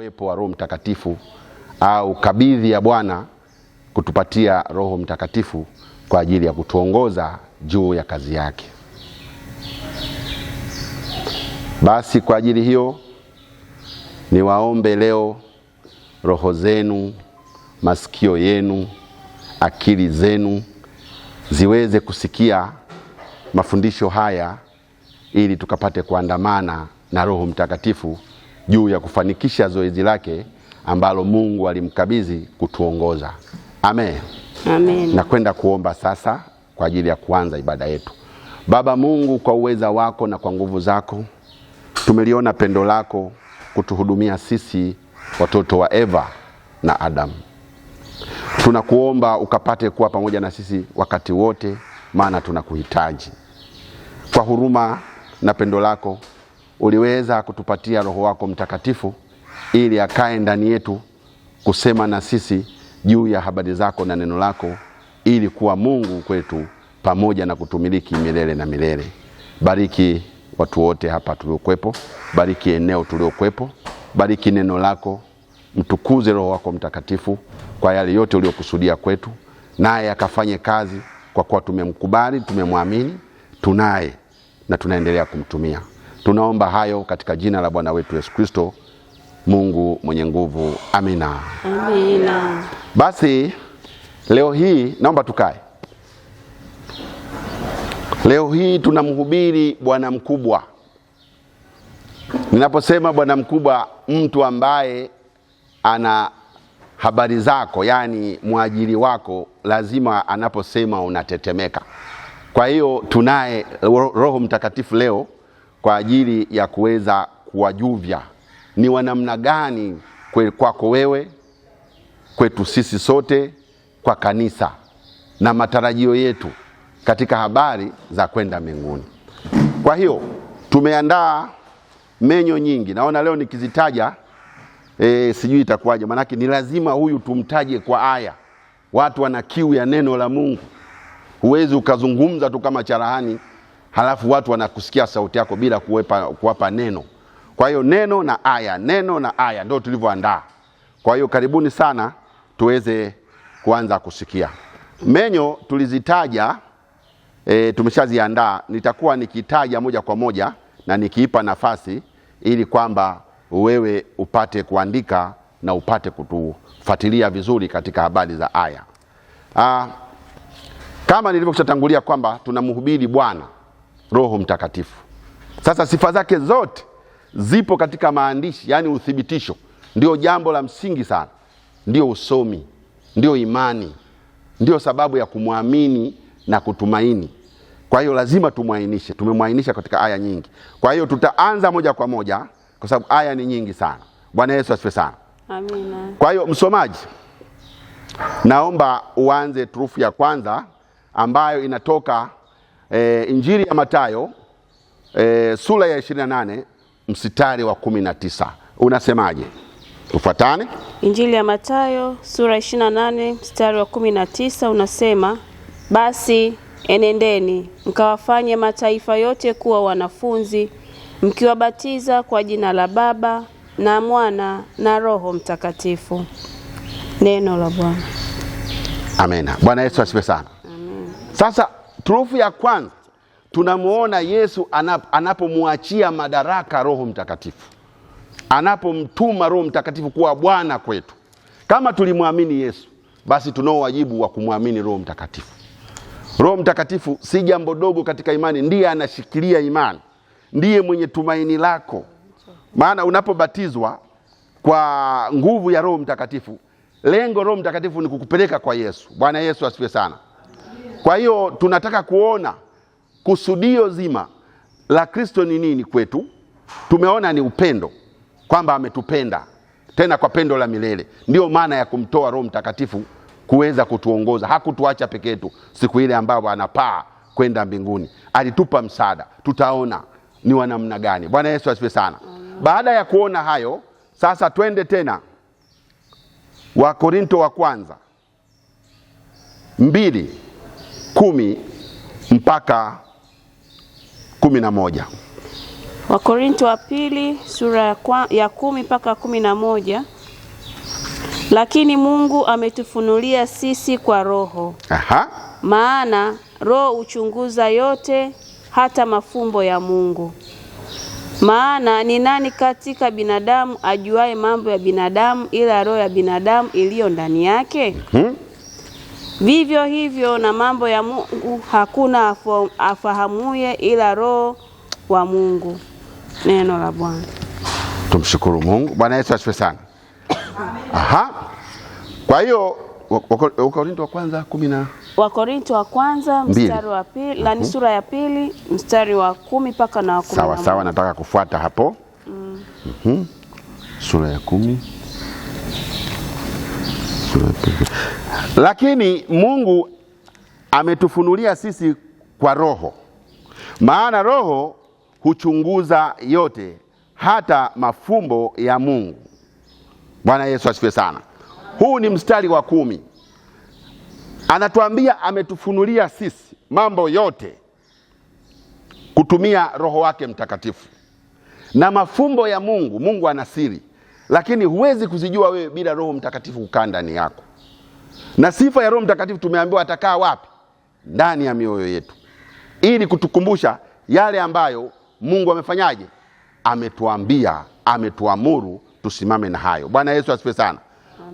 uwepo wa Roho Mtakatifu au kabidhi ya Bwana kutupatia Roho Mtakatifu kwa ajili ya kutuongoza juu ya kazi yake. Basi kwa ajili hiyo niwaombe leo roho zenu, masikio yenu, akili zenu ziweze kusikia mafundisho haya ili tukapate kuandamana na Roho Mtakatifu juu ya kufanikisha zoezi lake ambalo Mungu alimkabidhi kutuongoza. Amen. Amen. Na kwenda kuomba sasa kwa ajili ya kuanza ibada yetu. Baba Mungu, kwa uweza wako na kwa nguvu zako tumeliona pendo lako kutuhudumia sisi watoto wa Eva na Adamu. Tunakuomba ukapate kuwa pamoja na sisi wakati wote, maana tunakuhitaji. Kwa huruma na pendo lako uliweza kutupatia Roho wako Mtakatifu ili akae ndani yetu kusema na sisi juu ya habari zako na neno lako ili kuwa Mungu kwetu pamoja na kutumiliki milele na milele. Bariki watu wote hapa tuliokuwepo, bariki eneo tuliokuwepo, bariki neno lako, mtukuze Roho wako Mtakatifu kwa yale yote uliokusudia kwetu, naye akafanye kazi, kwa kuwa tumemkubali, tumemwamini, tunaye na tunaendelea kumtumia. Tunaomba hayo katika jina la Bwana wetu Yesu Kristo, Mungu mwenye nguvu. Amina, amina. Basi leo hii naomba tukae. Leo hii tunamhubiri bwana mkubwa. Ninaposema bwana mkubwa, mtu ambaye ana habari zako, yaani mwajiri wako, lazima anaposema unatetemeka. Kwa hiyo tunaye Roho Mtakatifu leo kwa ajili ya kuweza kuwajuvya ni wanamna gani kwako wewe, kwetu sisi sote, kwa kanisa na matarajio yetu katika habari za kwenda mbinguni. Kwa hiyo tumeandaa menyo nyingi, naona leo nikizitaja e, sijui itakuwaje, maanake ni lazima huyu tumtaje kwa aya. Watu wana kiu ya neno la Mungu, huwezi ukazungumza tu kama charahani halafu watu wanakusikia sauti yako bila kuwepa, kuwapa neno. Kwa hiyo neno na aya, neno na aya ndio tulivyoandaa. Kwa hiyo karibuni sana tuweze kuanza kusikia. Menyo tulizitaja e, tumeshaziandaa. Nitakuwa nikitaja moja kwa moja na nikiipa nafasi ili kwamba wewe upate kuandika na upate kutufuatilia vizuri katika habari za aya. Aa, ah, kama nilivyokutangulia kwamba tunamhubiri Bwana Roho Mtakatifu. Sasa sifa zake zote zipo katika maandishi, yaani uthibitisho ndio jambo la msingi sana, ndio usomi, ndio imani, ndio sababu ya kumwamini na kutumaini. Kwa hiyo lazima tumwainishe, tumemwainisha katika aya nyingi. Kwa hiyo tutaanza moja kwa moja kwa sababu aya ni nyingi sana. Bwana Yesu asifiwe sana, amina. Kwa hiyo msomaji, naomba uanze turufu ya kwanza ambayo inatoka e, Injili ya matayo e, eh, sura ya 28 mstari wa 19 unasemaje? Tufuatane. Injili ya matayo sura 28 mstari wa 19 unasema, basi enendeni mkawafanye mataifa yote kuwa wanafunzi mkiwabatiza kwa jina la Baba na Mwana na Roho Mtakatifu. Neno la Bwana. Amena. Bwana Yesu asifiwe sana. Amen. Sasa Trufu ya kwanza tunamwona Yesu anapomwachia madaraka Roho Mtakatifu, anapomtuma Roho Mtakatifu kuwa Bwana kwetu. Kama tulimwamini Yesu, basi tunao wajibu wa kumwamini Roho Mtakatifu. Roho Mtakatifu si jambo dogo katika imani, ndiye anashikilia imani, ndiye mwenye tumaini lako. Maana unapobatizwa kwa nguvu ya Roho Mtakatifu, lengo Roho Mtakatifu ni kukupeleka kwa Yesu. Bwana Yesu asifiwe sana. Kwa hiyo tunataka kuona kusudio zima la Kristo ni nini kwetu. Tumeona ni upendo, kwamba ametupenda tena kwa pendo la milele. Ndiyo maana ya kumtoa Roho Mtakatifu kuweza kutuongoza. Hakutuacha peke yetu siku ile ambapo anapaa kwenda mbinguni, alitupa msaada. Tutaona ni wa namna gani. Bwana Yesu asifiwe sana. Baada ya kuona hayo, sasa twende tena Wakorinto wa kwanza mbili kumi mpaka kumi na moja. Wakorinto wa pili sura ya kumi mpaka kumi na moja. Lakini Mungu ametufunulia sisi kwa Roho. Aha. Maana Roho uchunguza yote hata mafumbo ya Mungu. Maana ni nani katika binadamu ajuaye mambo ya binadamu ila roho ya binadamu iliyo ndani yake? Mm-hmm. Vivyo hivyo na mambo ya Mungu hakuna afahamuye ila Roho wa Mungu. Neno la Bwana. Tumshukuru Mungu. Bwana Yesu asifiwe sana. Aha. Kwa hiyo Wakorinto wa kwanza kumi na Wakorinto wa kwanza mstari wa pili, Ni mhm. sura ya pili mstari wa kumi mpaka na wa kumi. Sawa sawa, nataka kufuata hapo mm. Mhm. sura ya kumi sura ya lakini Mungu ametufunulia sisi kwa Roho, maana Roho huchunguza yote, hata mafumbo ya Mungu. Bwana Yesu asifiwe sana. Huu ni mstari wa kumi, anatuambia ametufunulia sisi mambo yote kutumia Roho wake Mtakatifu na mafumbo ya Mungu. Mungu ana siri, lakini huwezi kuzijua wewe bila Roho Mtakatifu kukaa ndani yako. Na sifa ya Roho Mtakatifu tumeambiwa atakaa wapi? Ndani ya mioyo yetu, ili kutukumbusha yale ambayo Mungu amefanyaje, ametuambia, ametuamuru tusimame na hayo. Bwana Yesu asifiwe sana.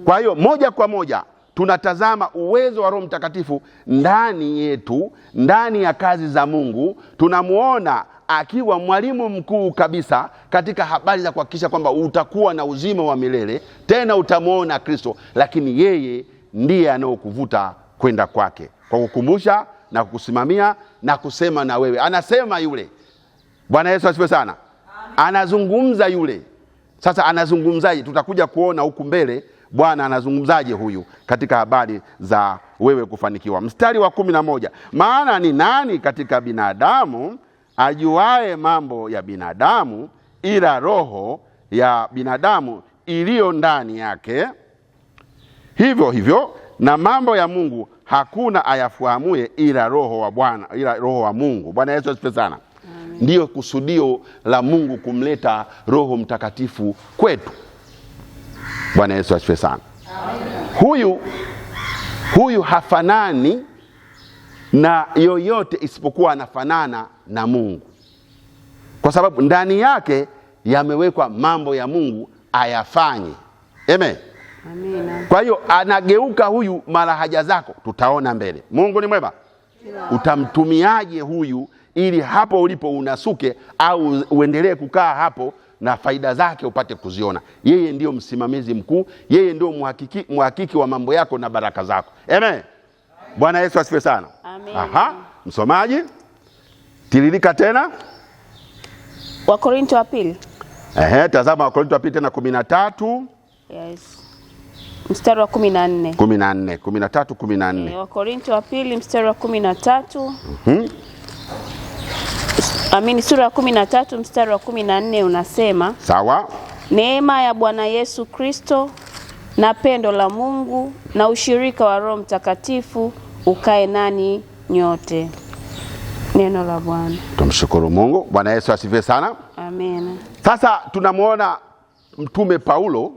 Kwa hiyo moja kwa moja tunatazama uwezo wa Roho Mtakatifu ndani yetu, ndani ya kazi za Mungu. Tunamuona akiwa mwalimu mkuu kabisa katika habari za kuhakikisha kwamba utakuwa na uzima wa milele, tena utamwona Kristo, lakini yeye ndiye anayokuvuta kwenda kwake, kwa kukumbusha na kukusimamia na kusema na wewe. Anasema yule. Bwana Yesu asifiwe sana. Anazungumza yule. Sasa anazungumzaje? Tutakuja kuona huku mbele Bwana anazungumzaje huyu katika habari za wewe kufanikiwa. Mstari wa kumi na moja, maana ni nani katika binadamu ajuae mambo ya binadamu ila roho ya binadamu iliyo ndani yake Hivyo hivyo na mambo ya Mungu hakuna ayafahamuye ila roho wa Bwana, ila roho wa Mungu. Bwana Yesu asifiwe sana. Ndiyo kusudio la Mungu kumleta Roho Mtakatifu kwetu. Bwana Yesu asifiwe sana. Huyu huyu hafanani na yoyote isipokuwa anafanana na Mungu, kwa sababu ndani yake yamewekwa mambo ya Mungu ayafanye. Amen. Amina. Kwa hiyo anageuka huyu mara haja zako, tutaona mbele. Mungu ni mwema. Utamtumiaje huyu ili hapo ulipo unasuke au uendelee kukaa hapo na faida zake upate kuziona. Yeye ndio msimamizi mkuu, yeye ndio muhakiki, muhakiki wa mambo yako na baraka zako. Amen. Bwana Yesu asifiwe sana. Amen. Aha, msomaji tiririka tena Wakorinto wa pili. Ehe, tazama Wakorinto wa pili tena kumi na tatu. Yes mstari wa 14. 14, 13, 14. E, Wakorintho wa pili mstari wa 13. Mhm. Amini sura ya 13 mstari wa 14 unasema, sawa. Neema ya Bwana Yesu Kristo na pendo la Mungu na ushirika wa Roho Mtakatifu ukae nani nyote. Neno la Bwana. Tumshukuru Mungu. Bwana Yesu asifiwe sana. Amen. Sasa tunamwona Mtume Paulo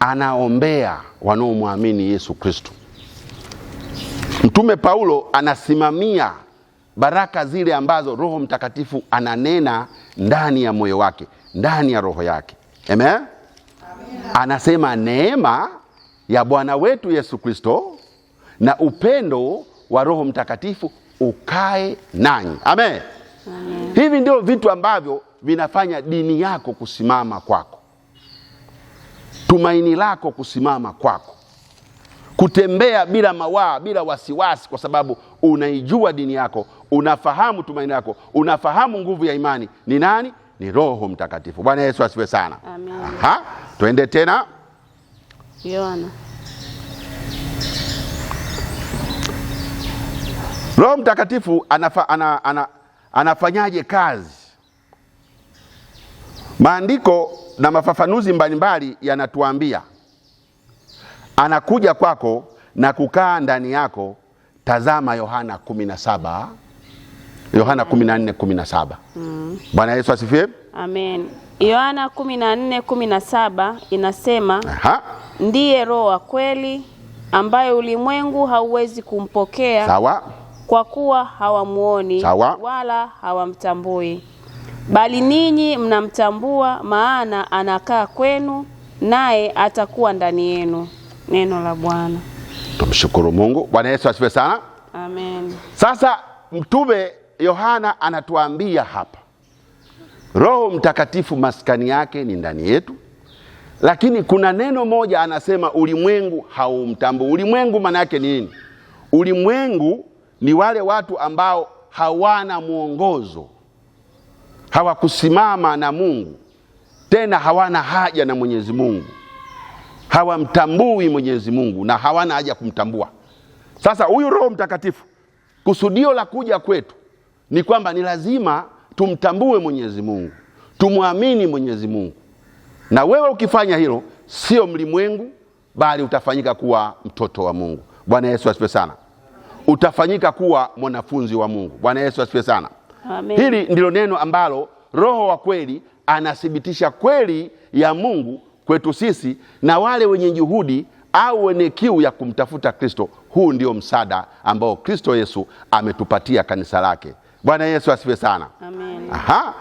anaombea wanaomwamini Yesu Kristo. Mtume Paulo anasimamia baraka zile ambazo Roho Mtakatifu ananena ndani ya moyo wake, ndani ya roho yake. Amen? Anasema neema ya Bwana wetu Yesu Kristo na upendo wa Roho Mtakatifu ukae nanyi. Amen. Amen. Hivi ndio vitu ambavyo vinafanya dini yako kusimama kwako tumaini lako kusimama kwako, kutembea bila mawaa, bila wasiwasi, kwa sababu unaijua dini yako, unafahamu tumaini lako, unafahamu nguvu ya imani ni nani? Ni Roho Mtakatifu. Bwana Yesu asiwe sana. Aha, tuende tena Yohana. Roho Mtakatifu anafa, ana, ana, anafanyaje kazi? Maandiko na mafafanuzi mbalimbali yanatuambia anakuja kwako na kukaa ndani yako. Tazama Yohana 17, Yohana 14 17. Mm. Bwana Yesu asifiwe. Amen. Yohana 14 17 inasema Aha. Ndiye Roho wa kweli ambaye ulimwengu hauwezi kumpokea. Sawa. Kwa kuwa hawamuoni. Sawa. Wala hawamtambui bali ninyi mnamtambua, maana anakaa kwenu naye atakuwa ndani yenu. Neno la Bwana. Tumshukuru Mungu. Bwana Yesu asifiwe sana, amen. Sasa mtume Yohana anatuambia hapa, Roho Mtakatifu maskani yake ni ndani yetu, lakini kuna neno moja anasema ulimwengu haumtambui. Ulimwengu maana yake nini? Ulimwengu ni wale watu ambao hawana mwongozo hawakusimama na Mungu, tena hawana haja na Mwenyezi Mungu, hawamtambui Mwenyezi Mungu na hawana haja kumtambua. Sasa huyu Roho Mtakatifu, kusudio la kuja kwetu ni kwamba ni lazima tumtambue Mwenyezi Mungu, tumwamini Mwenyezi Mungu. Na wewe ukifanya hilo, sio mlimwengu, bali utafanyika kuwa mtoto wa Mungu. Bwana Yesu asifiwe sana. Utafanyika kuwa mwanafunzi wa Mungu. Bwana Yesu asifiwe sana. Amen. Hili ndilo neno ambalo Roho wa kweli anathibitisha kweli ya Mungu kwetu sisi na wale wenye juhudi au wenye kiu ya kumtafuta Kristo. Huu ndio msaada ambao Kristo Yesu ametupatia kanisa lake. Bwana Yesu asifiwe sana. Amen. Aha.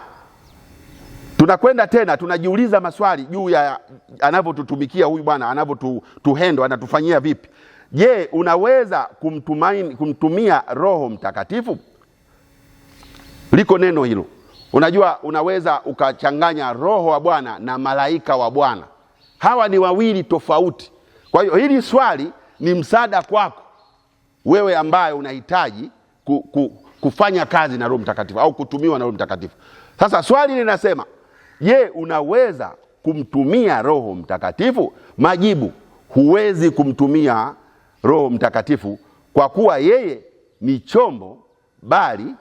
Tunakwenda tena, tunajiuliza maswali juu ya anavyotutumikia huyu bwana, anavyotuhendo, anatufanyia vipi? Je, unaweza kumtumaini, kumtumia Roho Mtakatifu? liko neno hilo. Unajua, unaweza ukachanganya roho wa Bwana na malaika wa Bwana, hawa ni wawili tofauti. Kwa hiyo hili swali ni msaada kwako wewe ambaye unahitaji ku, ku, kufanya kazi na Roho Mtakatifu au kutumiwa na Roho Mtakatifu. Sasa swali linasema, je, unaweza kumtumia Roho Mtakatifu? Majibu, huwezi kumtumia Roho Mtakatifu kwa kuwa yeye ni chombo, bali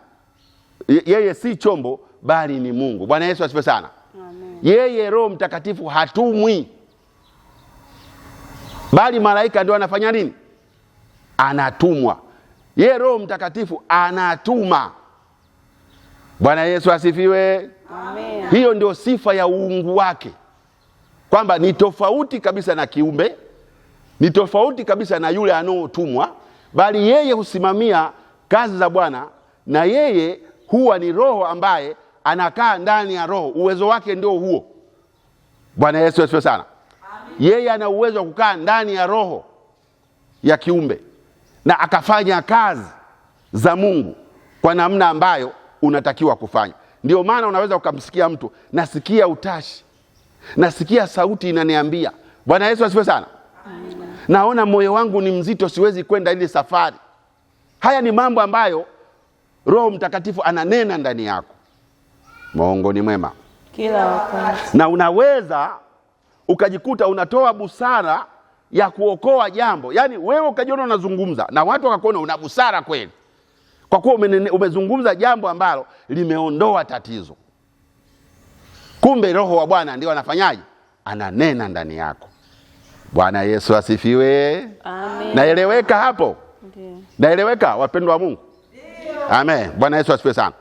yeye si chombo bali ni Mungu. Bwana Yesu asifiwe sana. Amen. Yeye Roho Mtakatifu hatumwi, bali malaika ndio anafanya nini? Anatumwa. Yeye Roho Mtakatifu anatuma. Bwana Yesu asifiwe. Amen. Hiyo ndio sifa ya uungu wake, kwamba ni tofauti kabisa na kiumbe, ni tofauti kabisa na yule anaotumwa, bali yeye husimamia kazi za Bwana na yeye huwa ni roho ambaye anakaa ndani ya roho. Uwezo wake ndio huo. Bwana Yesu asifiwe sana. Yeye ana uwezo wa kukaa ndani ya roho ya kiumbe na akafanya kazi za Mungu kwa namna ambayo unatakiwa kufanya. Ndio maana unaweza ukamsikia mtu, nasikia utashi, nasikia sauti inaniambia. Bwana Yesu asifiwe sana. Amen. Naona moyo wangu ni mzito, siwezi kwenda ile safari. Haya ni mambo ambayo Roho Mtakatifu ananena ndani yako. Mungu ni mwema kila wakati, na unaweza ukajikuta unatoa busara ya kuokoa jambo, yaani wewe ukajiona unazungumza na watu wakakuona una busara kweli, kwa kuwa umezungumza jambo ambalo limeondoa tatizo. Kumbe Roho wa Bwana ndio anafanyaje? Ananena ndani yako. Bwana Yesu asifiwe. Amen. Naeleweka hapo? Ndiyo. Naeleweka wapendwa wa Mungu. Amen. Bwana Yesu asifiwe sana.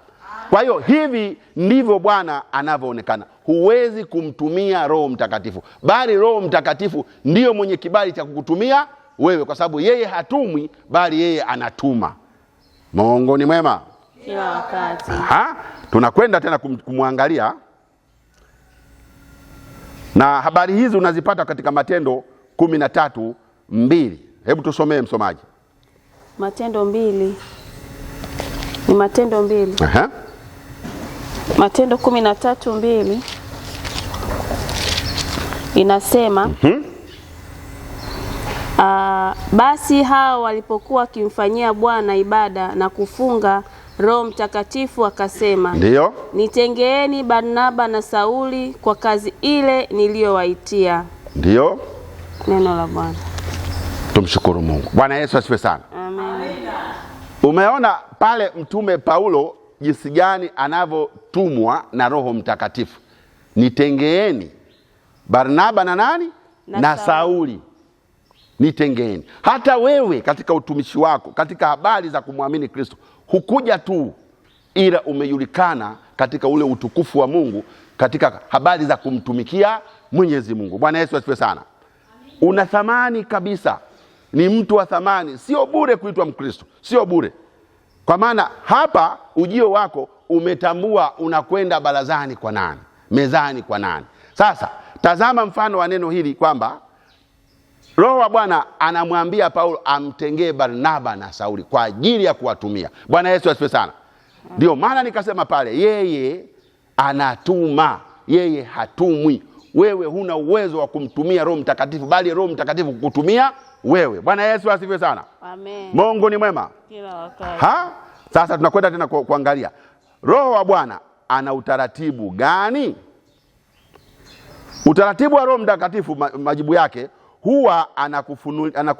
Kwa hiyo hivi ndivyo Bwana anavyoonekana. Huwezi kumtumia Roho Mtakatifu, bali Roho Mtakatifu ndiyo mwenye kibali cha kukutumia wewe, kwa sababu yeye hatumwi, bali yeye anatuma. Mungu ni mwema kila wakati. Aha, tunakwenda tena kumwangalia, na habari hizi unazipata katika Matendo kumi na tatu mbili. Hebu tusomee msomaji, Matendo mbili ni Matendo mbili. Aha. Matendo kumi na tatu mbili inasema mm -hmm. Uh, basi hao walipokuwa wakimfanyia Bwana ibada na kufunga, Roho Mtakatifu akasema, ndio nitengeeni Barnaba na Sauli kwa kazi ile niliyowaitia. Ndio neno la Bwana. Tumshukuru Mungu. Bwana Yesu asifiwe sana. Amen. Amen. Umeona pale mtume Paulo jinsi gani anavyotumwa na Roho Mtakatifu, nitengeeni Barnaba na nani na, na Sauli nitengeeni. Hata wewe katika utumishi wako, katika habari za kumwamini Kristo, hukuja tu, ila umejulikana katika ule utukufu wa Mungu katika habari za kumtumikia Mwenyezi Mungu. Bwana Yesu asifiwe sana. Una thamani kabisa ni mtu wa thamani, sio bure kuitwa Mkristo, sio bure. Kwa maana hapa ujio wako umetambua unakwenda barazani kwa nani, mezani kwa nani. Sasa tazama mfano wa neno hili kwamba Roho wa Bwana anamwambia Paulo amtengee Barnaba na Sauli kwa ajili ya kuwatumia. Bwana Yesu asifiwe sana. Ndio maana nikasema pale, yeye anatuma, yeye hatumwi. Wewe huna uwezo wa kumtumia Roho Mtakatifu, bali Roho Mtakatifu kukutumia wewe. Bwana Yesu asifiwe sana. Amen. Mungu ni mwema kila wakati. Ha? Sasa tunakwenda tena kuangalia roho wa Bwana ana utaratibu gani? Utaratibu wa Roho Mtakatifu, majibu yake huwa anakufunulia,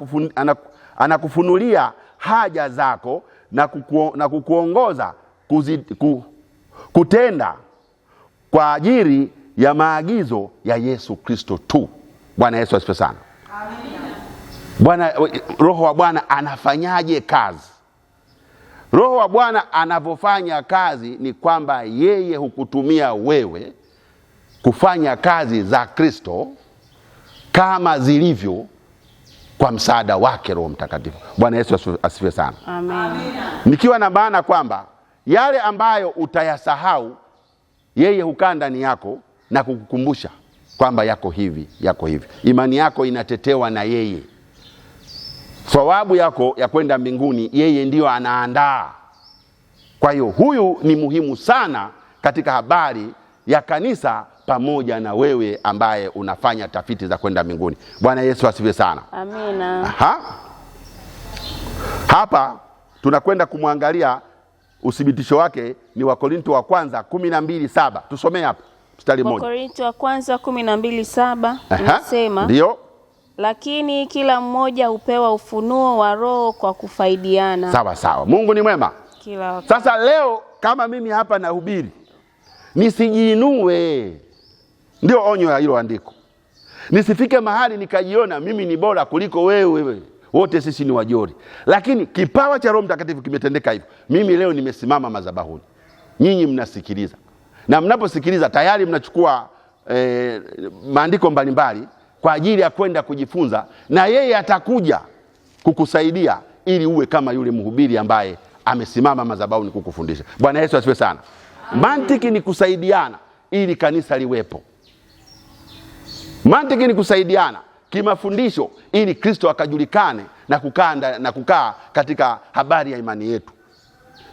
anakufunulia haja zako na, kuku, na kukuongoza kuzi, ku, kutenda kwa ajili ya maagizo ya Yesu Kristo tu. Bwana Yesu asifiwe sana. Amen. Bwana, roho wa Bwana anafanyaje kazi? Roho wa Bwana anavyofanya kazi ni kwamba yeye hukutumia wewe kufanya kazi za Kristo kama zilivyo kwa msaada wake Roho Mtakatifu. Bwana Yesu asifiwe sana. Nikiwa na maana kwamba yale ambayo utayasahau yeye hukaa ndani yako na kukukumbusha kwamba yako hivi, yako hivi. Imani yako inatetewa na yeye thawabu yako ya kwenda mbinguni, yeye ndiyo anaandaa. Kwa hiyo huyu ni muhimu sana katika habari ya kanisa pamoja na wewe ambaye unafanya tafiti za kwenda mbinguni. Bwana Yesu asifiwe sana. Amina. Aha. Hapa tunakwenda kumwangalia uthibitisho wake ni Wakorinto wa kwanza kumi na mbili saba. Tusomee hapa mstari mmoja. wa kwanza kumi na mbili saba ndio lakini kila mmoja hupewa ufunuo wa Roho kwa kufaidiana. Sawa sawa, Mungu ni mwema kila wakati. Sasa leo kama mimi hapa nahubiri nisijiinue, ndio onyo ya hilo andiko. Nisifike mahali nikajiona mimi ni bora kuliko wewe, wewe wote sisi ni wajori, lakini kipawa cha Roho Mtakatifu kimetendeka hivyo. Mimi leo nimesimama madhabahuni, nyinyi mnasikiliza, na mnaposikiliza tayari mnachukua eh, maandiko mbalimbali kwa ajili ya kwenda kujifunza, na yeye atakuja kukusaidia ili uwe kama yule mhubiri ambaye amesimama madhabahuni kukufundisha. Bwana Yesu asifiwe sana. Mantiki ni kusaidiana ili kanisa liwepo. Mantiki ni kusaidiana kimafundisho ili Kristo akajulikane na kukaa na kukaa katika habari ya imani yetu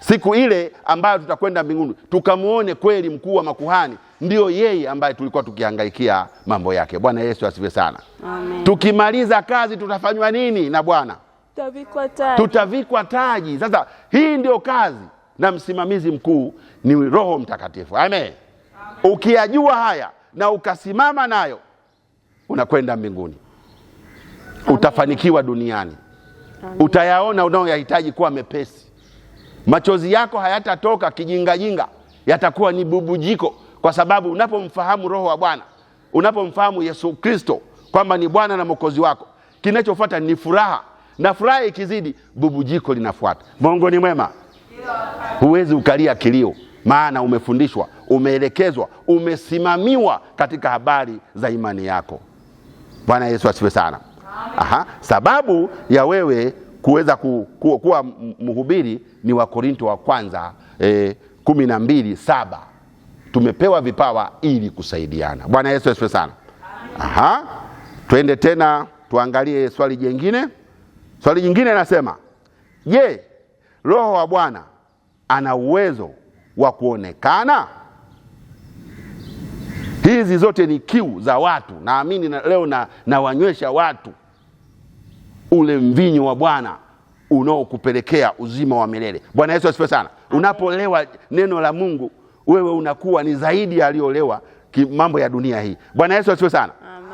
siku ile ambayo tutakwenda mbinguni tukamwone kweli mkuu wa makuhani, ndiyo yeye ambaye tulikuwa tukihangaikia mambo yake. Bwana Yesu asifiwe sana. Amen. Tukimaliza kazi tutafanywa nini na Bwana? Tutavikwa taji. Tutavikwa taji. Sasa hii ndio kazi, na msimamizi mkuu ni Roho Mtakatifu. Amen, Amen. Ukiyajua haya na ukasimama nayo unakwenda mbinguni. Amen. Utafanikiwa duniani. Amen. Utayaona unaoyahitaji kuwa mepesi Machozi yako hayatatoka kijingajinga, yatakuwa ni bubujiko, kwa sababu unapomfahamu Roho wa Bwana, unapomfahamu Yesu Kristo kwamba ni Bwana na Mwokozi wako, kinachofuata ni furaha, na furaha ikizidi, bubujiko linafuata. Mungu ni mwema, huwezi ukalia kilio, maana umefundishwa, umeelekezwa, umesimamiwa katika habari za imani yako. Bwana Yesu asifiwe sana. Aha, sababu ya wewe kuweza ku, ku, kuwa mhubiri ni Wakorinto wa kwanza eh, kumi na mbili saba. Tumepewa vipawa ili kusaidiana. Bwana Yesu asifiwe sana. Aha, twende tena tuangalie swali jingine. Swali jingine nasema, je, Roho wa Bwana ana uwezo wa kuonekana? Hizi zote ni kiu za watu, naamini na leo na nawanywesha watu ule mvinyo wa Bwana unaokupelekea uzima wa milele. Bwana Yesu asifiwe sana. Unapolewa neno la Mungu, wewe unakuwa ni zaidi ya aliyolewa mambo ya dunia hii. Bwana Yesu asifiwe sana. Amen.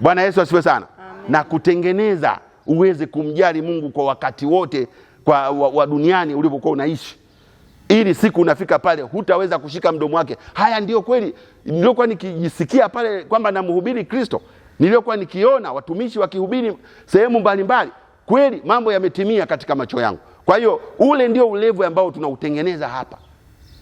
Bwana Yesu asifiwe sana. Amen. Na kutengeneza uweze kumjali Mungu kwa wakati wote kwa wa, wa duniani ulipokuwa unaishi, ili siku unafika pale hutaweza kushika mdomo wake. Haya ndiyo kweli kwa nikijisikia pale kwamba namhubiri Kristo niliyokuwa nikiona watumishi wakihubiri sehemu mbalimbali, kweli mambo yametimia katika macho yangu. Kwa hiyo ule ndio ulevu ambao tunautengeneza hapa,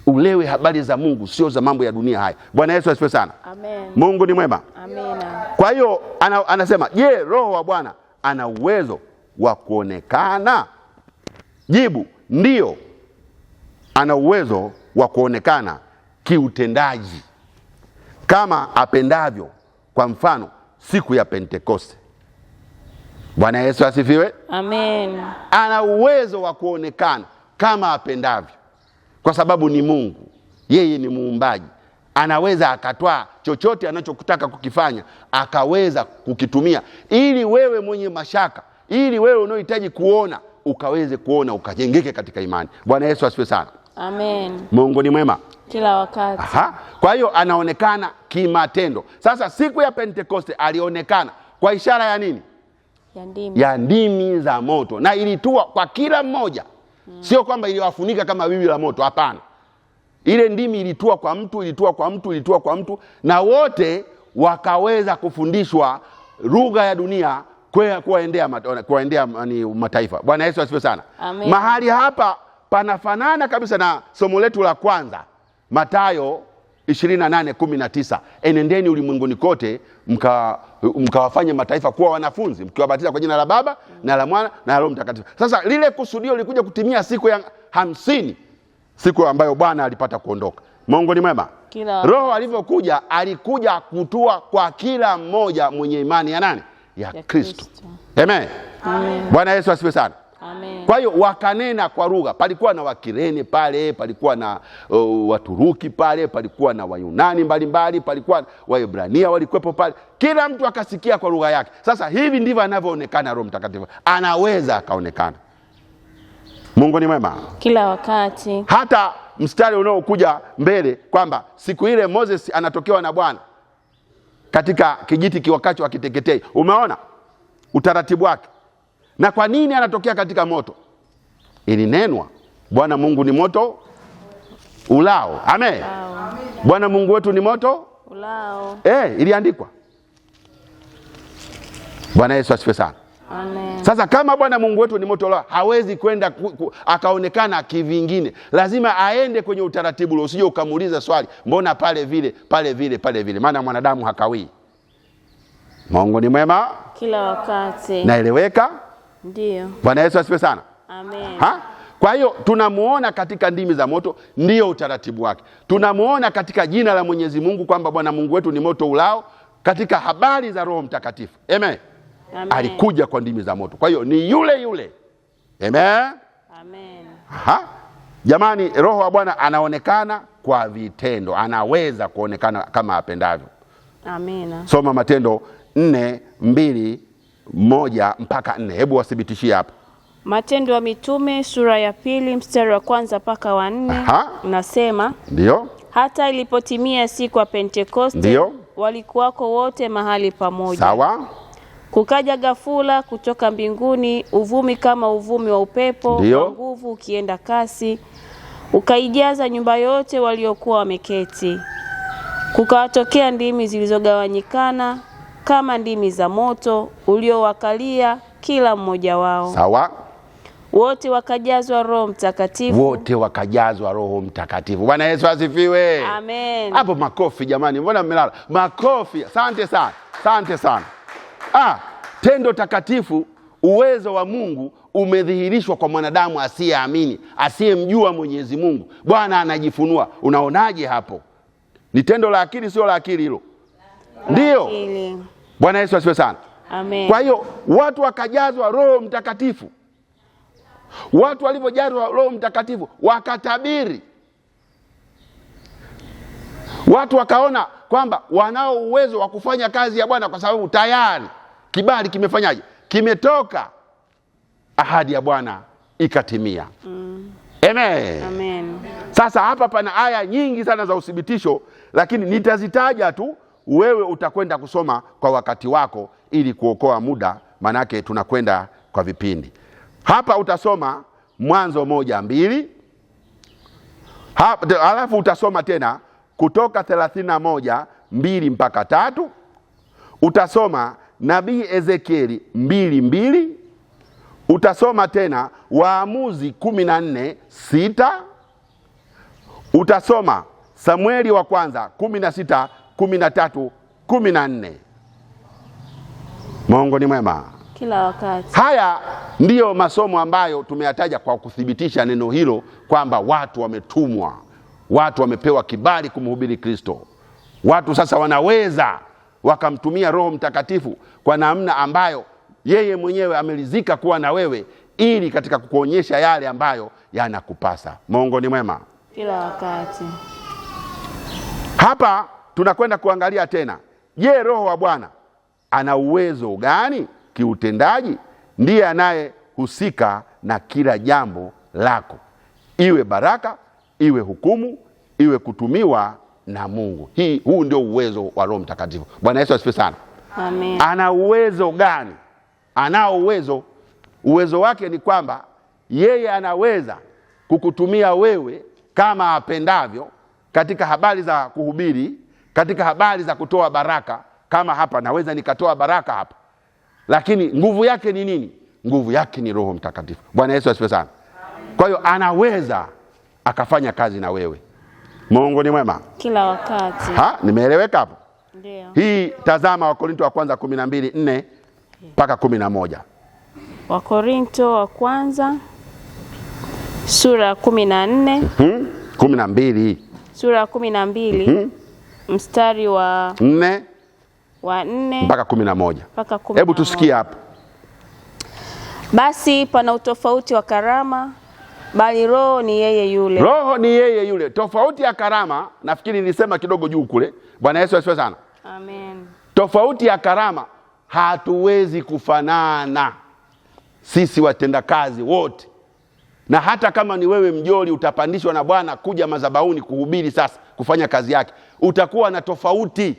ulewe habari za Mungu, sio za mambo ya dunia haya. Bwana Yesu asifiwe sana. Amen. Mungu ni mwema. Amen. Kwa hiyo ana, anasema je, roho wa Bwana ana uwezo wa kuonekana? Jibu ndio, ana uwezo wa kuonekana kiutendaji kama apendavyo. Kwa mfano siku ya Pentekoste. Bwana Yesu asifiwe, amen. Ana uwezo wa kuonekana kama apendavyo, kwa sababu ni Mungu, yeye ni muumbaji. Anaweza akatwaa chochote anachokutaka kukifanya, akaweza kukitumia ili wewe mwenye mashaka, ili wewe unaohitaji kuona ukaweze kuona, ukajengeke katika imani. Bwana Yesu asifiwe sana, amen. Mungu ni mwema kila wakati. Aha. Kwa hiyo anaonekana kimatendo. Sasa siku ya Pentekoste alionekana kwa ishara ya nini? Ya ndimi, ya ndimi za moto, na ilitua kwa kila mmoja hmm. Sio kwamba iliwafunika kama wiwi la moto, hapana. Ile ndimi ilitua kwa mtu, ilitua kwa mtu, ilitua kwa mtu, na wote wakaweza kufundishwa lugha ya dunia kuwaendea kuwaendea ni mataifa. Bwana Yesu asifiwe sana. Amen. Mahali hapa panafanana kabisa na somo letu la kwanza. Matayo 28:19, enendeni ulimwenguni kote mkawafanye mka mataifa kuwa wanafunzi mkiwabatiza kwa jina la Baba na la Mwana na Roho Mtakatifu. Sasa lile kusudio lilikuja kutimia siku ya hamsini, siku ambayo Bwana alipata kuondoka. Mungu ni mwema. Roho alivyokuja alikuja kutua kwa kila mmoja mwenye imani ya nani? Ya, ya Kristo. Amen. Amen. Bwana Yesu asifiwe sana. Kwa hiyo wakanena kwa lugha. Palikuwa na wakirene pale, palikuwa na uh, Waturuki pale, palikuwa na Wayunani mbalimbali, palikuwa Waebrania walikuwepo pale, kila mtu akasikia kwa lugha yake. Sasa hivi ndivyo anavyoonekana Roho Mtakatifu, anaweza akaonekana. Mungu ni mwema kila wakati, hata mstari unaokuja mbele kwamba siku ile Moses anatokewa na Bwana katika kijiti kiwakacho akiteketei. Umeona utaratibu wake na kwa nini anatokea katika moto? Ilinenwa Bwana Mungu ni moto ulao. Amen, Amen. Bwana Mungu wetu ni moto ulao. Eh, iliandikwa. Bwana Yesu asifiwe sana. Amen. Sasa kama Bwana Mungu wetu ni moto ulao, hawezi kwenda akaonekana kivingine, lazima aende kwenye utaratibu ule. Usije ukamuuliza swali, mbona pale vile pale vile pale vile? Maana mwanadamu hakawii. Mungu ni mwema kila wakati, naeleweka. Ndio. Bwana Yesu asifiwe sana. Amen. Ha? Kwa hiyo tunamuona katika ndimi za moto, ndiyo utaratibu wake. Tunamuona katika jina la Mwenyezi Mungu kwamba Bwana Mungu wetu ni moto ulao, katika habari za Roho Mtakatifu. Amen. Amen. Alikuja kwa ndimi za moto, kwa hiyo ni yule yule. Amen. Amen. Ha? Jamani, Roho wa Bwana anaonekana kwa vitendo, anaweza kuonekana kama apendavyo. Amina. Soma Matendo nne mbili moja mpaka nne. Hebu wathibitishie hapa Matendo ya Mitume sura ya pili mstari wa kwanza mpaka wa nne unasema, ndio hata ilipotimia siku ya Pentekoste, ndio walikuwako wote mahali pamoja. Sawa. Kukaja ghafula kutoka mbinguni uvumi kama uvumi wa upepo wa nguvu ukienda kasi, ukaijaza nyumba yote waliokuwa wameketi. Kukawatokea ndimi zilizogawanyikana kama ndimi za moto uliowakalia kila mmoja wao. Sawa. Wote wakajazwa Roho Mtakatifu. Wote wakajazwa Roho Mtakatifu. Bwana Yesu asifiwe. Amen. Hapo makofi jamani, mbona mmelala? Makofi. Asante sana, asante sana. Ah, tendo takatifu, uwezo wa Mungu umedhihirishwa kwa mwanadamu asiyeamini, asiyemjua Mwenyezi Mungu. Bwana anajifunua. Unaonaje hapo? Ni tendo la akili, sio la akili hilo? Ndio. Bwana Yesu asifiwe sana. Amen. Kwa hiyo watu wakajazwa Roho Mtakatifu. Watu walivyojazwa Roho Mtakatifu wakatabiri, watu wakaona kwamba wanao uwezo wa kufanya kazi ya Bwana kwa sababu tayari kibali kimefanyaje? Kimetoka, ahadi ya Bwana ikatimia. Mm. Amen. Amen. Sasa hapa pana aya nyingi sana za uthibitisho, lakini nitazitaja tu wewe utakwenda kusoma kwa wakati wako ili kuokoa muda, manake tunakwenda kwa vipindi. Hapa utasoma Mwanzo moja mbili halafu utasoma tena Kutoka thelathini na moja mbili mpaka tatu utasoma nabii Ezekieli mbili mbili utasoma tena Waamuzi kumi na nne sita utasoma Samueli wa kwanza kumi na sita 13:14. Mungu ni mwema kila wakati. Haya ndiyo masomo ambayo tumeyataja kwa kuthibitisha neno hilo kwamba watu wametumwa, watu wamepewa kibali kumhubiri Kristo. Watu sasa wanaweza wakamtumia Roho Mtakatifu kwa namna ambayo yeye mwenyewe amelizika kuwa na wewe, ili katika kukuonyesha yale ambayo yanakupasa. Mungu ni mwema kila wakati. Hapa tunakwenda kuangalia tena, je, Roho wa Bwana ana uwezo gani kiutendaji? Ndiye anayehusika na kila jambo lako, iwe baraka, iwe hukumu, iwe kutumiwa na Mungu. Hii, huu ndio uwezo wa Roho Mtakatifu. Bwana Yesu asifiwe sana. Amen. Ana uwezo gani? Anao uwezo. Uwezo wake ni kwamba yeye anaweza kukutumia wewe kama apendavyo katika habari za kuhubiri katika habari za kutoa baraka kama hapa, naweza nikatoa baraka hapa, lakini nguvu yake ni nini? Nguvu yake ni Roho Mtakatifu. Bwana Yesu asifiwe sana. Kwa hiyo anaweza akafanya kazi na wewe. Mungu ni mwema kila wakati. Ha, nimeeleweka hapo? Hii tazama Wakorinto wa kwanza 12:4 mpaka 11. Wakorinto wa kwanza sura 14. Mhm. 12. Sura 12. hmm mstari wa nne wa nne mpaka kumi na moja. Hebu tusikie hapa. Basi pana utofauti wa karama, bali roho ni yeye yule. Roho ni yeye yule. Tofauti ya karama, nafikiri nilisema kidogo juu kule. Bwana Yesu asifiwe sana. Amen. Tofauti ya karama, hatuwezi kufanana sisi watendakazi wote, na hata kama ni wewe mjoli utapandishwa na Bwana kuja mazabauni kuhubiri, sasa kufanya kazi yake utakuwa na tofauti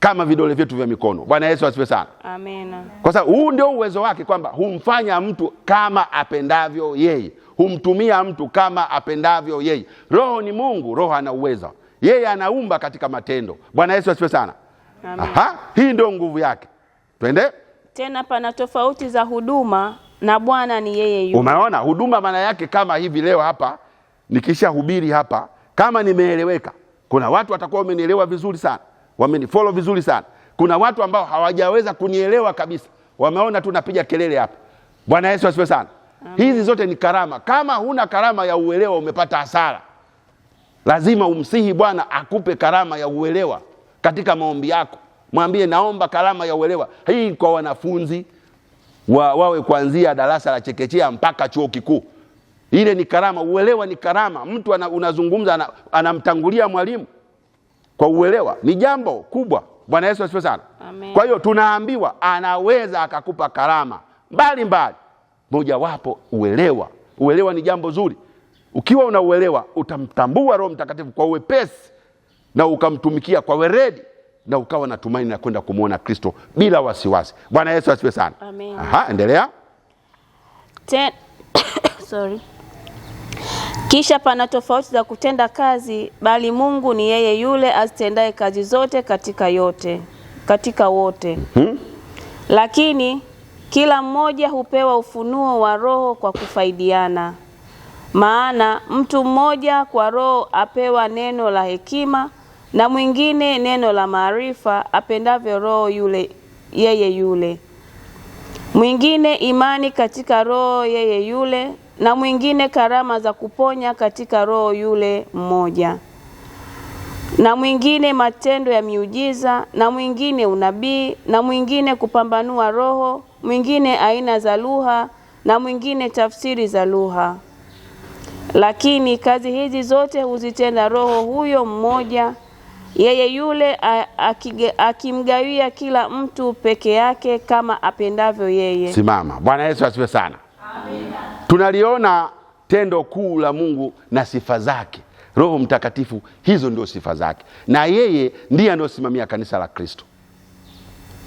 kama vidole vyetu vya mikono. Bwana Yesu asifiwe sana, amina. Kwa sababu huu ndio uwezo wake, kwamba humfanya mtu kama apendavyo yeye, humtumia mtu kama apendavyo yeye. Roho ni Mungu, Roho ana uwezo yeye, anaumba katika matendo. Bwana Yesu asifiwe sana, aha, hii ndio nguvu yake. Twende tena, pana tofauti za huduma na Bwana ni yeye yule. Umeona huduma maana yake, kama hivi leo hapa nikisha hubiri hapa, kama nimeeleweka kuna watu watakuwa wamenielewa vizuri sana, wamenifollow vizuri sana. Kuna watu ambao hawajaweza kunielewa kabisa, wameona tu napiga kelele hapa. Bwana Yesu asifiwe sana. Amen. Hizi zote ni karama. Kama huna karama ya uelewa, umepata hasara. Lazima umsihi Bwana akupe karama ya uelewa katika maombi yako. Mwambie, naomba karama ya uelewa hii kwa wanafunzi wa, wawe kuanzia darasa la chekechea mpaka chuo kikuu. Ile ni karama, uelewa ni karama. Mtu ana, unazungumza anamtangulia ana mwalimu kwa uelewa, ni jambo kubwa. Bwana Yesu asifiwe sana. Amen. Kwa hiyo tunaambiwa anaweza akakupa karama mbalimbali, mojawapo uelewa. Uelewa ni jambo zuri. Ukiwa una uelewa utamtambua Roho Mtakatifu kwa uwepesi na ukamtumikia kwa weredi na ukawa na tumaini na kwenda kumwona Kristo bila wasiwasi. Bwana Yesu asifiwe sana. Amen. Aha, endelea. Ten... Sorry. Kisha pana tofauti za kutenda kazi, bali Mungu ni yeye yule azitendaye kazi zote katika yote katika wote hmm? Lakini kila mmoja hupewa ufunuo wa Roho kwa kufaidiana. Maana mtu mmoja kwa Roho apewa neno la hekima, na mwingine neno la maarifa apendavyo Roho yule yeye yule, mwingine imani katika Roho yeye yule na mwingine karama za kuponya katika roho yule mmoja, na mwingine matendo ya miujiza, na mwingine unabii, na mwingine kupambanua roho, mwingine aina za lugha, na mwingine tafsiri za lugha. Lakini kazi hizi zote huzitenda Roho huyo mmoja, yeye yule akimgawia kila mtu peke yake kama apendavyo yeye. Simama. Bwana Yesu asifiwe sana. Tunaliona tendo kuu la Mungu na sifa zake. Roho Mtakatifu, hizo ndio sifa zake, na yeye ndiye anayosimamia kanisa la Kristo.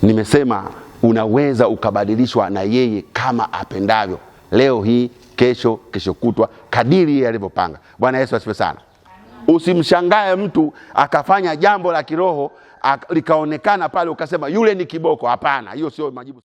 Nimesema unaweza ukabadilishwa na yeye kama apendavyo, leo hii, kesho, kesho kutwa, kadiri yeye alivyopanga. Bwana Yesu asifiwe sana. Usimshangae mtu akafanya jambo la kiroho likaonekana pale ukasema yule ni kiboko. Hapana, hiyo sio majibu.